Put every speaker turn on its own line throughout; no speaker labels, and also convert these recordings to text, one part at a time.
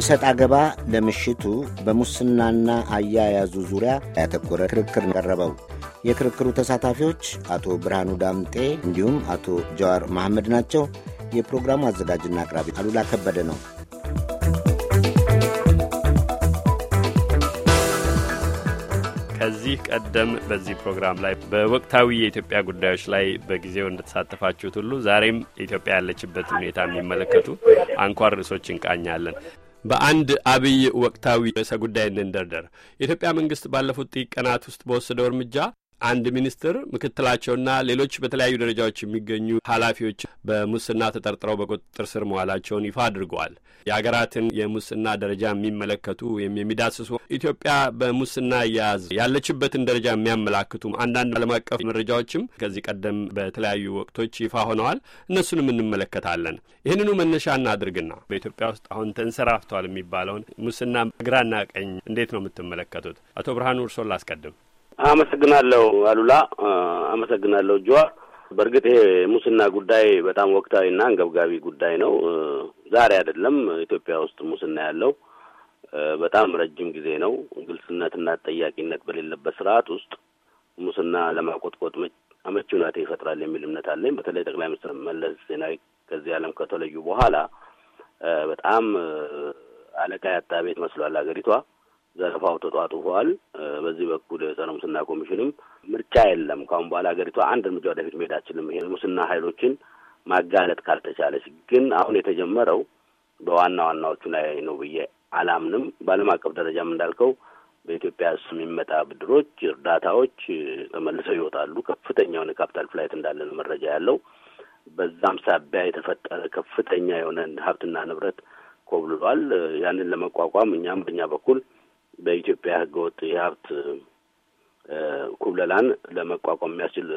እሰጥ አገባ ለምሽቱ በሙስናና አያያዙ ዙሪያ ያተኮረ ክርክር ቀረበው። የክርክሩ ተሳታፊዎች አቶ ብርሃኑ ዳምጤ እንዲሁም አቶ ጀዋር መሐመድ ናቸው። የፕሮግራሙ አዘጋጅና አቅራቢ አሉላ ከበደ ነው።
ከዚህ ቀደም በዚህ ፕሮግራም ላይ በወቅታዊ የኢትዮጵያ ጉዳዮች ላይ በጊዜው እንደተሳተፋችሁት ሁሉ ዛሬም ኢትዮጵያ ያለችበት ሁኔታ የሚመለከቱ አንኳር ርዕሶች እንቃኛለን። በአንድ አብይ ወቅታዊ ርዕሰ ጉዳይ እንንደርደር። የኢትዮጵያ መንግስት ባለፉት ጥቂት ቀናት ውስጥ በወሰደው እርምጃ አንድ ሚኒስትር ምክትላቸውና ሌሎች በተለያዩ ደረጃዎች የሚገኙ ኃላፊዎች በሙስና ተጠርጥረው በቁጥጥር ስር መዋላቸውን ይፋ አድርገዋል። የሀገራትን የሙስና ደረጃ የሚመለከቱ ወይም የሚዳስሱ ኢትዮጵያ በሙስና እያያዝ ያለችበትን ደረጃ የሚያመላክቱ አንዳንድ ዓለም አቀፍ መረጃዎችም ከዚህ ቀደም በተለያዩ ወቅቶች ይፋ ሆነዋል። እነሱንም እንመለከታለን። ይህንኑ መነሻ እናድርግና በኢትዮጵያ ውስጥ አሁን ተንሰራፍቷል የሚባለውን ሙስና ግራና ቀኝ እንዴት ነው የምትመለከቱት? አቶ ብርሃኑ እርሶን ላስቀድም።
አመሰግናለሁ አሉላ፣ አመሰግናለሁ ጆዋ። በእርግጥ ይሄ ሙስና ጉዳይ በጣም ወቅታዊና አንገብጋቢ ጉዳይ ነው። ዛሬ አይደለም ኢትዮጵያ ውስጥ ሙስና ያለው በጣም ረጅም ጊዜ ነው። ግልጽነትና ተጠያቂነት በሌለበት ስርዓት ውስጥ ሙስና ለማቆጥቆጥ አመቺ ሁኔታ ይፈጥራል የሚል እምነት አለኝ። በተለይ ጠቅላይ ሚኒስትር መለስ ዜናዊ ከዚህ ዓለም ከተለዩ በኋላ በጣም አለቃ ያጣ ቤት መስሏል አገሪቷ። ዘረፋው ተጧጡፏል። በዚህ በኩል የጸረ ሙስና ኮሚሽንም ምርጫ የለም ካሁን በኋላ ሀገሪቷ አንድ እርምጃ ወደፊት መሄድ አችልም ይሄ ሙስና ኃይሎችን ማጋለጥ ካልተቻለች ግን አሁን የተጀመረው በዋና ዋናዎቹ ላይ ነው ብዬ አላምንም። በዓለም አቀፍ ደረጃም እንዳልከው በኢትዮጵያ ስ የሚመጣ ብድሮች፣ እርዳታዎች ተመልሰው ይወጣሉ። ከፍተኛ የሆነ ካፒታል ፍላይት እንዳለ ነው መረጃ ያለው። በዛም ሳቢያ የተፈጠረ ከፍተኛ የሆነ ሀብትና ንብረት ኮብልሏል። ያንን ለመቋቋም እኛም በእኛ በኩል በኢትዮጵያ ህገወጥ የሀብት ኩብለላን ለመቋቋም የሚያስችል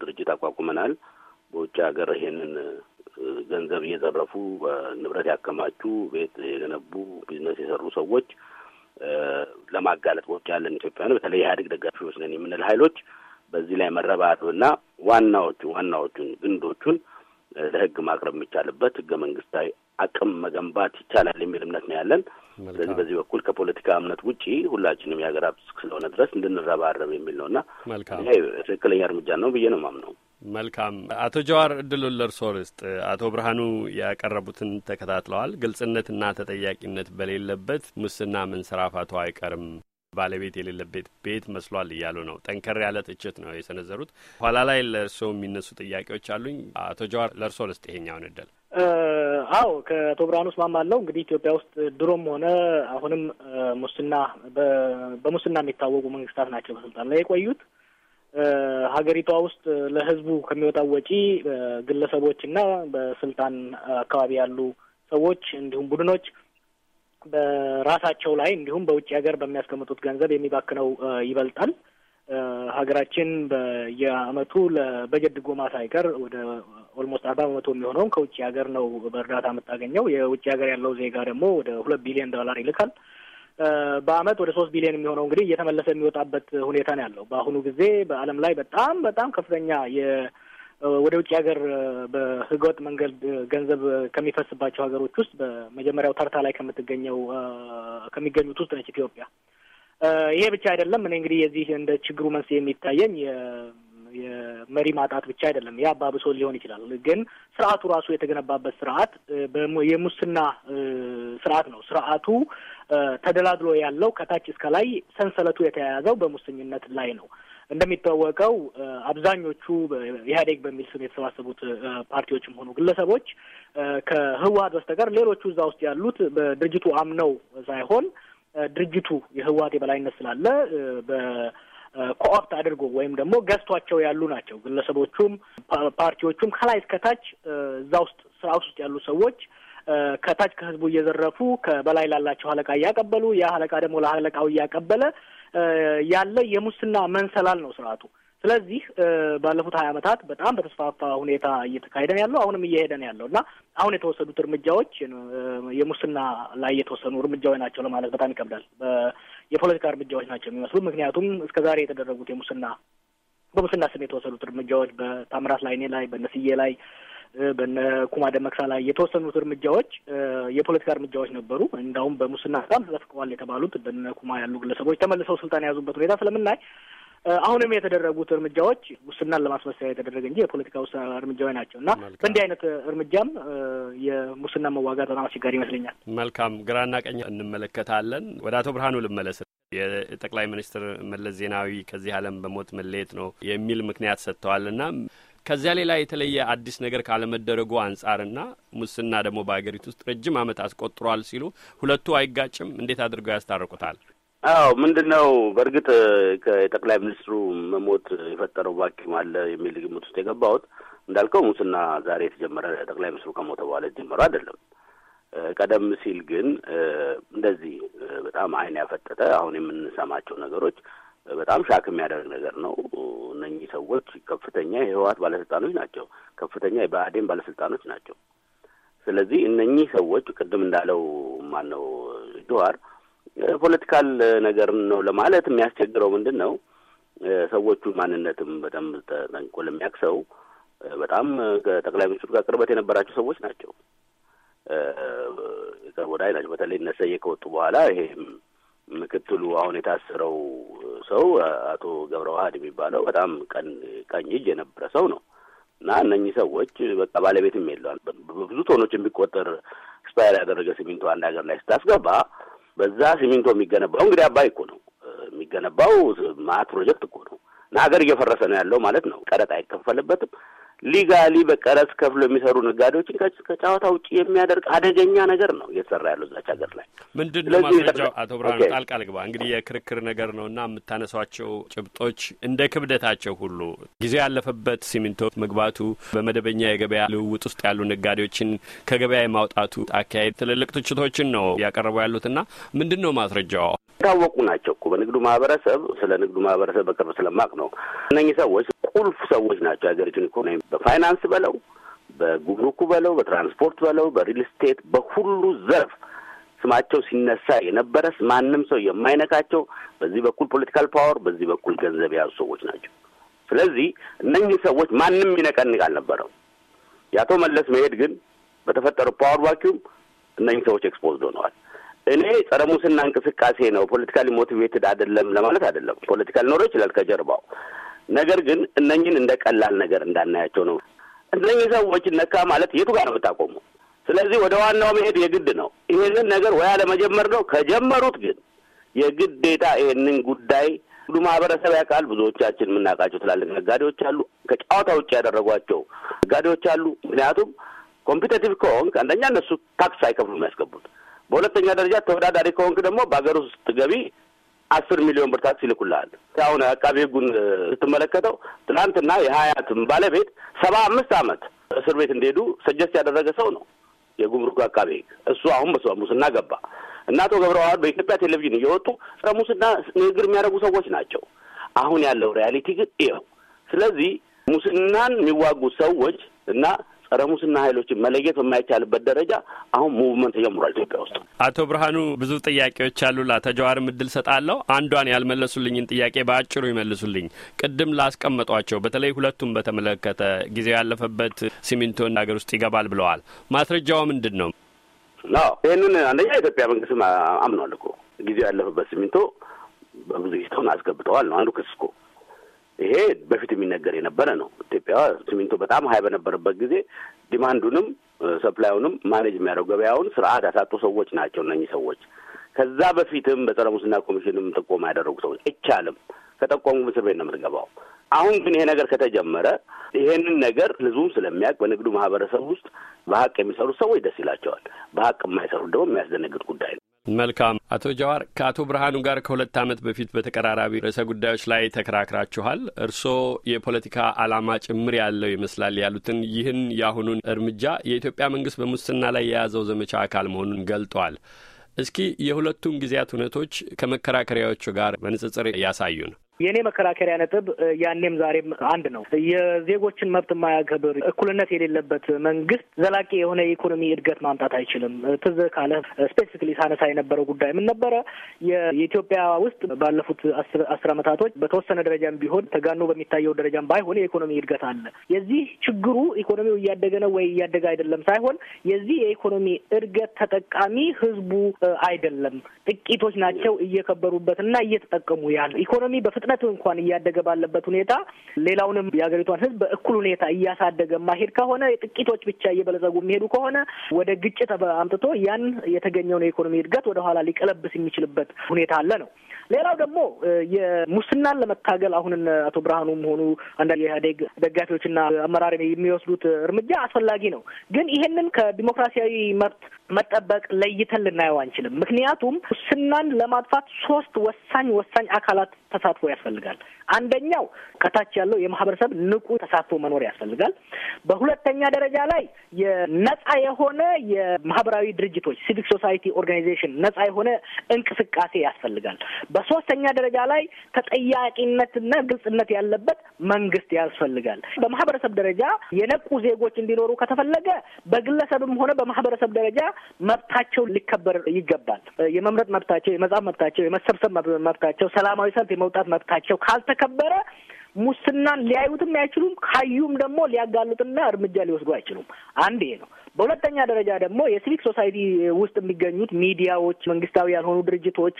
ድርጅት አቋቁመናል። በውጭ ሀገር ይሄንን ገንዘብ እየዘረፉ ንብረት ያከማቹ፣ ቤት የገነቡ፣ ቢዝነስ የሰሩ ሰዎች ለማጋለጥ በውጭ ያለን ኢትዮጵያን በተለይ ኢህአዴግ ደጋፊዎች ነን የምንል ሀይሎች በዚህ ላይ መረባረብና ዋናዎቹ ዋናዎቹን ግንዶቹን ለህግ ማቅረብ የሚቻልበት ህገ መንግስታዊ አቅም መገንባት ይቻላል የሚል እምነት ነው ያለን። ስለዚህ በዚህ በኩል ከፖለቲካ እምነት ውጪ ሁላችንም የሀገር ሀብት ስለሆነ ድረስ እንድንረባረብ የሚል እና ትክክለኛ እርምጃ ነው ብዬ ነው ማምነው። መልካም
አቶ ጀዋር እድሉን ለእርስዎ አቶ ብርሃኑ ያቀረቡትን ተከታትለዋል። ግልጽነትና ተጠያቂነት በሌለበት ሙስና መንሰራፋቱ አይቀርም ባለቤት የሌለበት ቤት መስሏል እያሉ ነው። ጠንከር ያለ ትችት ነው የሰነዘሩት። ኋላ ላይ ለእርስዎ የሚነሱ ጥያቄዎች አሉኝ። አቶ ጀዋር ለእርስዎ ልስጥ ይሄኛውን እድል።
አዎ ከአቶ ብርሃኑ እስማማለሁ። እንግዲህ ኢትዮጵያ ውስጥ ድሮም ሆነ አሁንም ሙስና በሙስና የሚታወቁ መንግስታት ናቸው በስልጣን ላይ የቆዩት። ሀገሪቷ ውስጥ ለህዝቡ ከሚወጣው ወጪ ግለሰቦች እና በስልጣን አካባቢ ያሉ ሰዎች እንዲሁም ቡድኖች በራሳቸው ላይ እንዲሁም በውጭ ሀገር በሚያስቀምጡት ገንዘብ የሚባክነው ይበልጣል። ሀገራችን በየአመቱ ለበጀት ድጎማ ሳይቀር ወደ ኦልሞስት አርባ በመቶ የሚሆነውን ከውጭ ሀገር ነው በእርዳታ የምታገኘው። የውጭ ሀገር ያለው ዜጋ ደግሞ ወደ ሁለት ቢሊዮን ዶላር ይልካል። በአመት ወደ ሶስት ቢሊዮን የሚሆነው እንግዲህ እየተመለሰ የሚወጣበት ሁኔታ ነው ያለው። በአሁኑ ጊዜ በዓለም ላይ በጣም በጣም ከፍተኛ ወደ ውጭ ሀገር በህገወጥ መንገድ ገንዘብ ከሚፈስባቸው ሀገሮች ውስጥ በመጀመሪያው ተርታ ላይ ከምትገኘው ከሚገኙት ውስጥ ነች ኢትዮጵያ። ይሄ ብቻ አይደለም። እኔ እንግዲህ የዚህ እንደ ችግሩ መንስኤ የሚታየኝ የመሪ ማጣት ብቻ አይደለም። ያ አባብሶ ሊሆን ይችላል፣ ግን ስርዓቱ ራሱ የተገነባበት ስርዓት የሙስና ስርዓት ነው። ስርዓቱ ተደላድሎ ያለው ከታች እስከ ላይ ሰንሰለቱ የተያያዘው በሙሰኝነት ላይ ነው። እንደሚታወቀው አብዛኞቹ ኢህአዴግ በሚል ስም የተሰባሰቡት ፓርቲዎችም ሆኑ ግለሰቦች ከህወሀት በስተቀር ሌሎቹ እዛ ውስጥ ያሉት በድርጅቱ አምነው ሳይሆን ድርጅቱ የህወሀት የበላይነት ስላለ በኮኦፕት አድርጎ ወይም ደግሞ ገዝቷቸው ያሉ ናቸው። ግለሰቦቹም ፓርቲዎቹም ከላይ እስከታች እዛ ውስጥ ስራ ውስጥ ያሉ ሰዎች ከታች ከህዝቡ እየዘረፉ ከበላይ ላላቸው አለቃ እያቀበሉ ያ አለቃ ደግሞ ለአለቃው እያቀበለ ያለ የሙስና መንሰላል ነው ስርዓቱ። ስለዚህ ባለፉት ሀያ ዓመታት በጣም በተስፋፋ ሁኔታ እየተካሄደ ነው ያለው፣ አሁንም እየሄደ ነው ያለው እና አሁን የተወሰዱት እርምጃዎች የሙስና ላይ የተወሰኑ እርምጃዎች ናቸው ለማለት በጣም ይከብዳል። የፖለቲካ እርምጃዎች ናቸው የሚመስሉ ምክንያቱም እስከዛሬ የተደረጉት የሙስና በሙስና ስም የተወሰዱት እርምጃዎች በታምራት ላይኔ ላይ በነስዬ ላይ በነ ኩማ ደመቅሳ ላይ የተወሰኑት እርምጃዎች የፖለቲካ እርምጃዎች ነበሩ። እንዳሁም በሙስና በጣም ተዘፍቀዋል የተባሉት በነ ኩማ ያሉ ግለሰቦች ተመልሰው ስልጣን የያዙበት ሁኔታ ስለምናይ አሁንም የተደረጉት እርምጃዎች ሙስናን ለማስመሰያ የተደረገ እንጂ የፖለቲካ ውስ እርምጃዎች ናቸው እና በእንዲህ አይነት እርምጃም የሙስና መዋጋት በጣም አስቸጋሪ ይመስለኛል።
መልካም ግራና ቀኝ እንመለከታለን። ወደ አቶ ብርሃኑ ልመለስ። የጠቅላይ ሚኒስትር መለስ ዜናዊ ከዚህ ዓለም በሞት መለየት ነው የሚል ምክንያት ሰጥተዋል እና ከዚያ ሌላ የተለየ አዲስ ነገር ካለመደረጉ አንጻርና ሙስና ደግሞ በሀገሪቱ ውስጥ ረጅም ዓመት አስቆጥሯል ሲሉ ሁለቱ አይጋጭም? እንዴት አድርገው ያስታርቁታል?
አዎ ምንድን ነው በእርግጥ ከጠቅላይ ሚኒስትሩ መሞት የፈጠረው ቫኪዩም አለ የሚል ግምት ውስጥ የገባሁት እንዳልከው ሙስና ዛሬ የተጀመረ ጠቅላይ ሚኒስትሩ ከሞተ በኋላ የተጀመረ አይደለም። ቀደም ሲል ግን እንደዚህ በጣም አይን ያፈጠጠ አሁን የምንሰማቸው ነገሮች በጣም ሻክ የሚያደርግ ነገር ነው። እነኚህ ሰዎች ከፍተኛ የህወሀት ባለስልጣኖች ናቸው። ከፍተኛ የብአዴን ባለስልጣኖች ናቸው። ስለዚህ እነኚህ ሰዎች ቅድም እንዳለው ማን ነው ጆሀር ፖለቲካል ነገር ነው ለማለት የሚያስቸግረው ምንድን ነው ሰዎቹ ማንነትም በጣም ጠንቆ ለሚያውቅ ሰው በጣም ከጠቅላይ ሚኒስትሩ ጋር ቅርበት የነበራቸው ሰዎች ናቸው። ቅርብ ወዳጅ ናቸው። በተለይ እነ ከወጡ በኋላ ይሄ ምክትሉ አሁን የታሰረው ሰው አቶ ገብረ ዋህድ የሚባለው በጣም ቀን ቀኝ እጅ የነበረ ሰው ነው እና እነኚህ ሰዎች በቃ ባለቤትም የለዋል። በብዙ ቶኖች የሚቆጠር ስፓይር ያደረገ ሲሚንቶ አንድ ሀገር ላይ ስታስገባ በዛ ሲሚንቶ የሚገነባው እንግዲህ አባይ እኮ ነው የሚገነባው ማት ፕሮጀክት እኮ ነው እና ሀገር እየፈረሰ ነው ያለው ማለት ነው። ቀረጥ አይከፈልበትም። ሊጋሊ በቃ ከፍሎ የሚሰሩ ነጋዴዎችን ከጨዋታ ውጭ የሚያደርግ አደገኛ ነገር ነው እየተሰራ ያለው እዛች ሀገር ላይ።
ምንድን ነው ማስረጃው? አቶ ብርሃኑ ጣልቃ ልግባ። እንግዲህ የክርክር ነገር ነው እና የምታነሷቸው ጭብጦች እንደ ክብደታቸው ሁሉ ጊዜ ያለፈበት ሲሚንቶ መግባቱ፣ በመደበኛ የገበያ ልውውጥ ውስጥ ያሉ ነጋዴዎችን ከገበያ የማውጣቱ አካሄድ ትልልቅ ትችቶችን ነው ያቀረቡ ያሉትና
ምንድን ነው ማስረጃው? የታወቁ ናቸው እኮ በንግዱ ማህበረሰብ። ስለ ንግዱ ማህበረሰብ በቅርብ ስለማቅ ነው እነኚህ ሰዎች ቁልፍ ሰዎች ናቸው የሀገሪቱን ኢኮኖሚ በፋይናንስ በለው፣ በጉምሩኩ በለው፣ በትራንስፖርት በለው፣ በሪል ስቴት በሁሉ ዘርፍ ስማቸው ሲነሳ የነበረ ማንም ሰው የማይነካቸው በዚህ በኩል ፖለቲካል ፓወር፣ በዚህ በኩል ገንዘብ የያዙ ሰዎች ናቸው። ስለዚህ እነኚህ ሰዎች ማንም ይነቀንቅ አልነበረው። የአቶ መለስ መሄድ ግን በተፈጠረው ፓወር ቫኪዩም እነኚህ ሰዎች ኤክስፖዝድ ሆነዋል። እኔ ጸረ ሙስና እንቅስቃሴ ነው ፖለቲካሊ ሞቲቬትድ አይደለም ለማለት አይደለም። ፖለቲካል ኖሮ ይችላል ከጀርባው ነገር ግን እነኝን እንደ ቀላል ነገር እንዳናያቸው ነው። እነኝህ ሰዎች ነካ ማለት የቱ ጋር ነው የምታቆሙ? ስለዚህ ወደ ዋናው መሄድ የግድ ነው። ይህንን ነገር ወያ ለመጀመር ነው። ከጀመሩት ግን የግዴታ ይህንን ጉዳይ ሁሉ ማህበረሰብ ያውቃል። ብዙዎቻችን የምናውቃቸው ትላልቅ ነጋዴዎች አሉ፣ ከጨዋታ ውጭ ያደረጓቸው ነጋዴዎች አሉ። ምክንያቱም ኮምፒቴቲቭ ከሆንክ አንደኛ እነሱ ታክስ አይከፍሉ የሚያስገቡት፣ በሁለተኛ ደረጃ ተወዳዳሪ ከሆንክ ደግሞ በሀገር ውስጥ ገቢ አስር ሚሊዮን ብር ታክስ ይልኩልሃል። አሁን አቃቤ ሕጉን ስትመለከተው ትናንትና የሀያትም ባለቤት ሰባ አምስት አመት እስር ቤት እንደሄዱ ሰጀስት ያደረገ ሰው ነው የጉምሩክ አቃቤ ህግ። እሱ አሁን በሰ ሙስና ገባ እና አቶ ገብረዋህድ በኢትዮጵያ ቴሌቪዥን እየወጡ ስለ ሙስና ንግግር የሚያደርጉ ሰዎች ናቸው። አሁን ያለው ሪያሊቲ ግን ይኸው። ስለዚህ ሙስናን የሚዋጉ ሰዎች እና ጸረ ሙስና ኃይሎችን መለየት በማይቻልበት ደረጃ አሁን ሙቭመንት ተጀምሯል ኢትዮጵያ ውስጥ።
አቶ ብርሃኑ ብዙ ጥያቄዎች አሉ። ለአቶ ጀዋርም እድል ሰጣለሁ። አንዷን ያልመለሱልኝን ጥያቄ በአጭሩ ይመልሱልኝ። ቅድም ላስቀመጧቸው በተለይ ሁለቱም በተመለከተ ጊዜው ያለፈበት ሲሚንቶ ሀገር ውስጥ ይገባል ብለዋል። ማስረጃው ምንድን ነው?
ይህንን አንደኛ የኢትዮጵያ መንግስትም አምኗል እኮ ጊዜው ያለፈበት ሲሚንቶ በብዙ ጊዜ አስገብተዋል ነው አንዱ ክስ እኮ ይሄ በፊት የሚነገር የነበረ ነው። ኢትዮጵያ ሲሚንቶ በጣም ሀይ በነበረበት ጊዜ ዲማንዱንም ሰፕላዩንም ማኔጅ የሚያደርጉ ገበያውን ስርዓት ያሳጡ ሰዎች ናቸው እነኚህ ሰዎች። ከዛ በፊትም በጸረ ሙስና ኮሚሽንም ጥቆማ ያደረጉ ሰዎች አይቻልም፣ ከጠቆሙ እስር ቤት ነው የምትገባው። አሁን ግን ይሄ ነገር ከተጀመረ ይሄንን ነገር ህዝቡም ስለሚያውቅ በንግዱ ማህበረሰብ ውስጥ በሀቅ የሚሰሩት ሰዎች ደስ ይላቸዋል። በሀቅ የማይሰሩት ደግሞ የሚያስደነግጥ ጉዳይ ነው።
መልካም አቶ ጀዋር ከአቶ ብርሃኑ ጋር ከሁለት ዓመት በፊት በተቀራራቢ ርዕሰ ጉዳዮች ላይ ተከራክራችኋል። እርስዎ የፖለቲካ አላማ ጭምር ያለው ይመስላል ያሉትን ይህን የአሁኑን እርምጃ የኢትዮጵያ መንግስት በሙስና ላይ የያዘው ዘመቻ አካል መሆኑን ገልጧል። እስኪ የሁለቱን ጊዜያት እውነቶች ከመከራከሪያዎቹ ጋር በንጽጽር ያሳዩን።
የእኔ መከራከሪያ ነጥብ ያኔም ዛሬም አንድ ነው። የዜጎችን መብት የማያከብር እኩልነት የሌለበት መንግስት ዘላቂ የሆነ የኢኮኖሚ እድገት ማምጣት አይችልም። ትዝ ካለ ስፔሲፊክሊ ሳነሳ የነበረው ጉዳይ ምን ነበረ? የኢትዮጵያ ውስጥ ባለፉት አስር አመታቶች በተወሰነ ደረጃም ቢሆን ተጋኖ በሚታየው ደረጃም ባይሆን የኢኮኖሚ እድገት አለ። የዚህ ችግሩ ኢኮኖሚው እያደገ ነው ወይ እያደገ አይደለም ሳይሆን የዚህ የኢኮኖሚ እድገት ተጠቃሚ ህዝቡ አይደለም፣ ጥቂቶች ናቸው እየከበሩበት እና እየተጠቀሙ ያለ ኢኮኖሚ በፍ በፍጥነት እንኳን እያደገ ባለበት ሁኔታ ሌላውንም የሀገሪቷን ህዝብ በእኩል ሁኔታ እያሳደገ ማሄድ ከሆነ ጥቂቶች ብቻ እየበለጸጉ የሚሄዱ ከሆነ ወደ ግጭት አምጥቶ ያን የተገኘውን የኢኮኖሚ እድገት ወደኋላ ሊቀለብስ የሚችልበት ሁኔታ አለ ነው። ሌላው ደግሞ የሙስናን ለመታገል አሁን አቶ ብርሃኑም ሆኑ አንዳንድ የኢህአዴግ ደጋፊዎችና አመራር የሚወስዱት እርምጃ አስፈላጊ ነው። ግን ይህንን ከዲሞክራሲያዊ መብት መጠበቅ ለይተን ልናየው አንችልም። ምክንያቱም ሙስናን ለማጥፋት ሶስት ወሳኝ ወሳኝ አካላት ተሳትፎ ያስፈልጋል። አንደኛው ከታች ያለው የማህበረሰብ ንቁ ተሳትፎ መኖር ያስፈልጋል። በሁለተኛ ደረጃ ላይ የነጻ የሆነ የማህበራዊ ድርጅቶች ሲቪክ ሶሳይቲ ኦርጋናይዜሽን ነጻ የሆነ እንቅስቃሴ ያስፈልጋል። በሶስተኛ ደረጃ ላይ ተጠያቂነትና ግልጽነት ያለበት መንግስት ያስፈልጋል። በማህበረሰብ ደረጃ የነቁ ዜጎች እንዲኖሩ ከተፈለገ በግለሰብም ሆነ በማህበረሰብ ደረጃ መብታቸው ሊከበር ይገባል። የመምረጥ መብታቸው፣ የመጻፍ መብታቸው፣ የመሰብሰብ መብታቸው፣ ሰላማዊ ሰልፍ የመውጣት መብታቸው ካልተከበረ ሙስናን ሊያዩትም አይችሉም። ካዩም ደግሞ ሊያጋልጥና እርምጃ ሊወስዱ አይችሉም። አንድ ይሄ ነው። በሁለተኛ ደረጃ ደግሞ የሲቪክ ሶሳይቲ ውስጥ የሚገኙት ሚዲያዎች፣ መንግስታዊ ያልሆኑ ድርጅቶች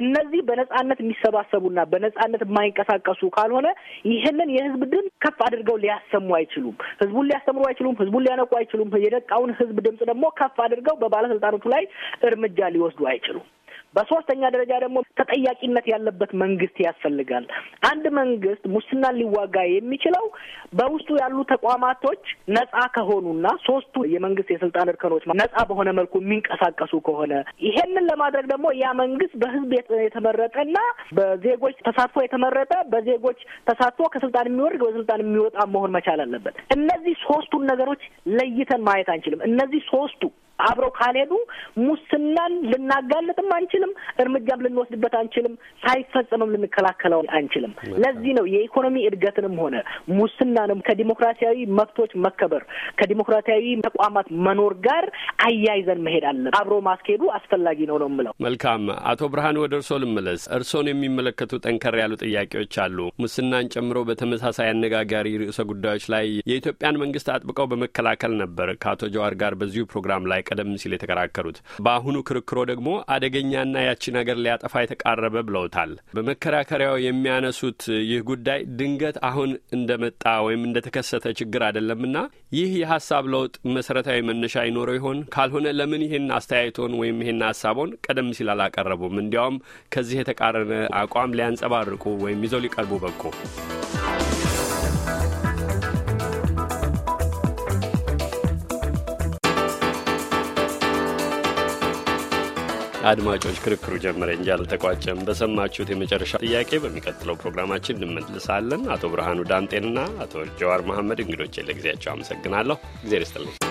እነዚህ በነጻነት የሚሰባሰቡና በነጻነት የማይንቀሳቀሱ ካልሆነ ይህንን የህዝብ ድምፅ ከፍ አድርገው ሊያሰሙ አይችሉም። ህዝቡን ሊያስተምሩ አይችሉም። ህዝቡን ሊያነቁ አይችሉም። የደቃውን ህዝብ ድምፅ ደግሞ ከፍ አድርገው በባለስልጣኖቹ ላይ እርምጃ ሊወስዱ አይችሉም። በሶስተኛ ደረጃ ደግሞ ተጠያቂነት ያለበት መንግስት ያስፈልጋል። አንድ መንግስት ሙስናን ሊዋጋ የሚችለው በውስጡ ያሉ ተቋማቶች ነጻ ከሆኑና ሶስቱ የመንግስት የስልጣን እርከኖች ነጻ በሆነ መልኩ የሚንቀሳቀሱ ከሆነ ይሄንን ለማድረግ ደግሞ ያ መንግስት በህዝብ የተመረጠና በዜጎች ተሳትፎ የተመረጠ በዜጎች ተሳትፎ ከስልጣን የሚወርድ በስልጣን የሚወጣ መሆን መቻል አለበት። እነዚህ ሶስቱን ነገሮች ለይተን ማየት አንችልም። እነዚህ ሶስቱ አብረው ካልሄዱ ሙስናን ልናጋልጥም አንችልም፣ እርምጃም ልንወስድበት አንችልም፣ ሳይፈጸምም ልንከላከለው አንችልም። ለዚህ ነው የኢኮኖሚ እድገትንም ሆነ ሙስናንም ከዲሞክራሲያዊ መብቶች መከበር ከዲሞክራሲያዊ ተቋማት መኖር ጋር አያይዘን መሄድ አለን። አብሮ ማስኬዱ አስፈላጊ ነው ነው የምለው።
መልካም አቶ ብርሃን ወደ እርሶ ልመለስ። እርሶን የሚመለከቱ ጠንከር ያሉ ጥያቄዎች አሉ። ሙስናን ጨምሮ በተመሳሳይ አነጋጋሪ ርዕሰ ጉዳዮች ላይ የኢትዮጵያን መንግስት አጥብቀው በመከላከል ነበር ከአቶ ጀዋር ጋር በዚሁ ፕሮግራም ላይ ቀደም ሲል የተከራከሩት። በአሁኑ ክርክሮ ደግሞ አደገኛና ያቺን ሀገር ሊያጠፋ የተቃረበ ብለውታል። በመከራከሪያው የሚያነሱት ይህ ጉዳይ ድንገት አሁን እንደመጣ ወይም እንደተከሰተ ችግር አይደለምና ይህ የሀሳብ ለውጥ መሰረታዊ መነሻ ይኖረው ይሆን? ካልሆነ ለምን ይህን አስተያየቶን ወይም ይህን ሀሳቦን ቀደም ሲል አላቀረቡም? እንዲያውም ከዚህ የተቃረነ አቋም ሊያንጸባርቁ ወይም ይዘው ሊቀርቡ በቁ። አድማጮች ክርክሩ ጀመረ እንጂ አልተቋጨም። በሰማችሁት የመጨረሻ ጥያቄ በሚቀጥለው ፕሮግራማችን እንመልሳለን። አቶ ብርሃኑ ዳምጤንና አቶ ጀዋር መሐመድ እንግዶቼ ለጊዜያቸው አመሰግናለሁ። ጊዜ ርስጥልኝ